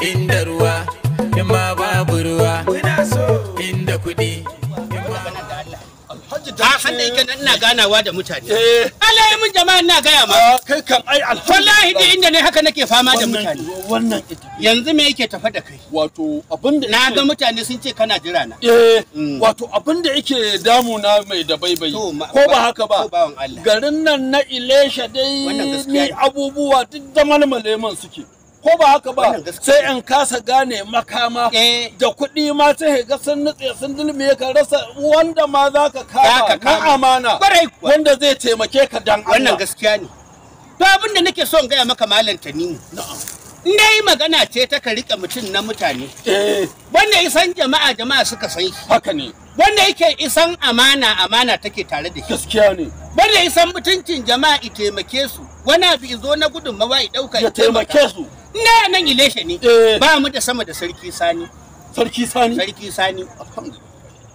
inda ruwa in ma babu ruwa inda kuɗi a hannun yake nan ina ganawa da mutane eh. alayi mun jama'a ina gaya ma ah, kai kam ai wallahi da inda ne haka nake fama da mutane wannan yanzu me yake tafe da kai wato abinda na ga mutane sun ce kana jira na eh mm. wato abinda yake damu na mai da baibayi ko ba haka ba garin nan na ilesha dai ni abubuwa duk da malmale man suke ko ba haka ba sai in kasa gane makama eh. da kuɗi ma ta ga sun nutse sun dulmiye ka rasa wanda ma za ka kama na amana wanda zai taimake ka dan wannan gaskiya ne to abin da nake son gaya maka malam tanimu dai magana ce ta ka rika mutum na mutane eh. wanda isan jama'a jama'a suka san shi haka ne wanda yake isan amana amana take tare da shi gaskiya ne wanda isan mutuncin jama'a i taimake su wani abu izo na gudunmawa i dauka ya taimake su na nan ileshe ne eh. ba mu da sama da sarki sani sarki sani sarki sani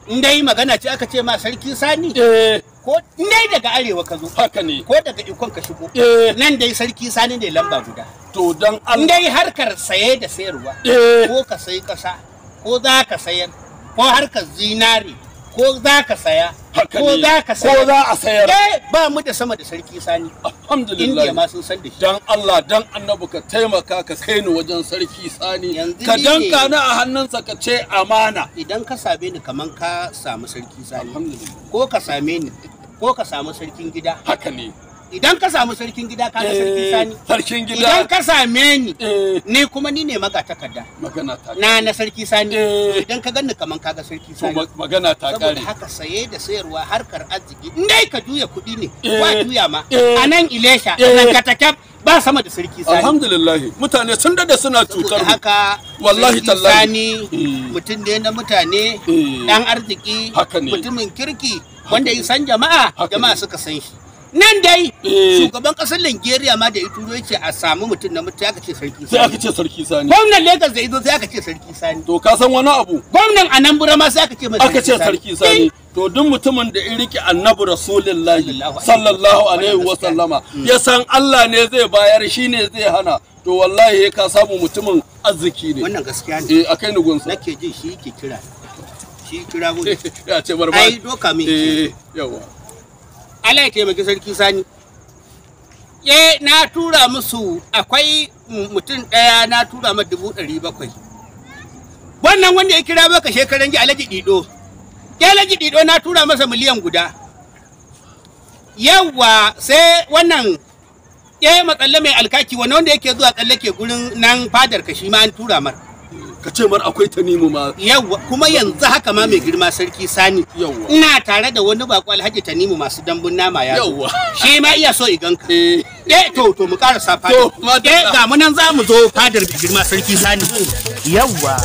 in dai magana ce aka ce ma sarki sani eh. ko dai daga arewa ka zo haka ne ko daga ikon ka shigo eh. nan dai sarki sani ne lamba guda to dan Allah dai harkar saye da sayarwa ko ka sayi kasa ko za ka sayar ko harkar zinare ko za ka saya ko za ka saya ko za a sayar eh ba mu da sama da sarki sani alhamdulillah indiya ma sun san da shi dan Allah dan annabi ka taimaka ka kai ni wajen sarki sani ka danka ni a hannunsa ka ce amana idan ka same ni kaman ka samu sarki sani Alhamdulillah. ko ka same ni ko ka samu sarkin gida haka ne idan ka samu sarkin gida ka eh, sarki sani sarkin gida idan ka same ni eh. ni kuma ni ne maga takarda magana ta na na sarki sani eh. idan ka ganni kaman kaga sarki sani magana ta kare saboda haka saye da sayarwa harkar arziki in dai ka juya kuɗi ne ba juya ma a nan ilesha nan katakaf ba sama da sarki sani alhamdulillah mutane sun dade suna tutar haka wallahi tallahi sani mutum ne na mutane dan arziki mutumin kirki wanda ya san jama'a jama'a suka san shi nan dai eh. shugaban kasar Nigeria ma da ya turo yace a samu mutum na mutum aka ce sarki sani sai aka ce sarki sani gwamnan Lagos da izo sai aka ce sarki sani to ka san wani abu gwamnan Anambra ma sai aka ce aka ce sarki sani eh. to duk mutumin da in rike annabi rasulullahi sallallahu alaihi wa sallama mm. ya san Allah ne zai bayar shi ne zai hana to wallahi ka samu mutumin arziki ne wannan gaskiya ne eh akai ni gunsa nake jin shi yake kira shi kira gun ya ce barba ai doka min eh, yawa Allah ya taimaki sarki sani eh na tura musu akwai mutum ɗaya na tura ma dubu ɗari bakwai wannan wanda ya kira baka shekaran ji alaji dido ya alaji dido na tura masa miliyan guda yawa sai wannan ya yi matsalle mai alkaki wani wanda yake zuwa tsallake gurin nan fadar ka shi ma an tura mar ka ce mar akwai tanimu ma yawa kuma yanzu haka ma mai girma sarki sani yawa ina tare da wani bako alhaji tanimu masu dambun nama ya yawa shi ma iya so igan ka eh. eh to to mu karasa to eh ga mu nan za mu zo fadar girma sarki sani yawa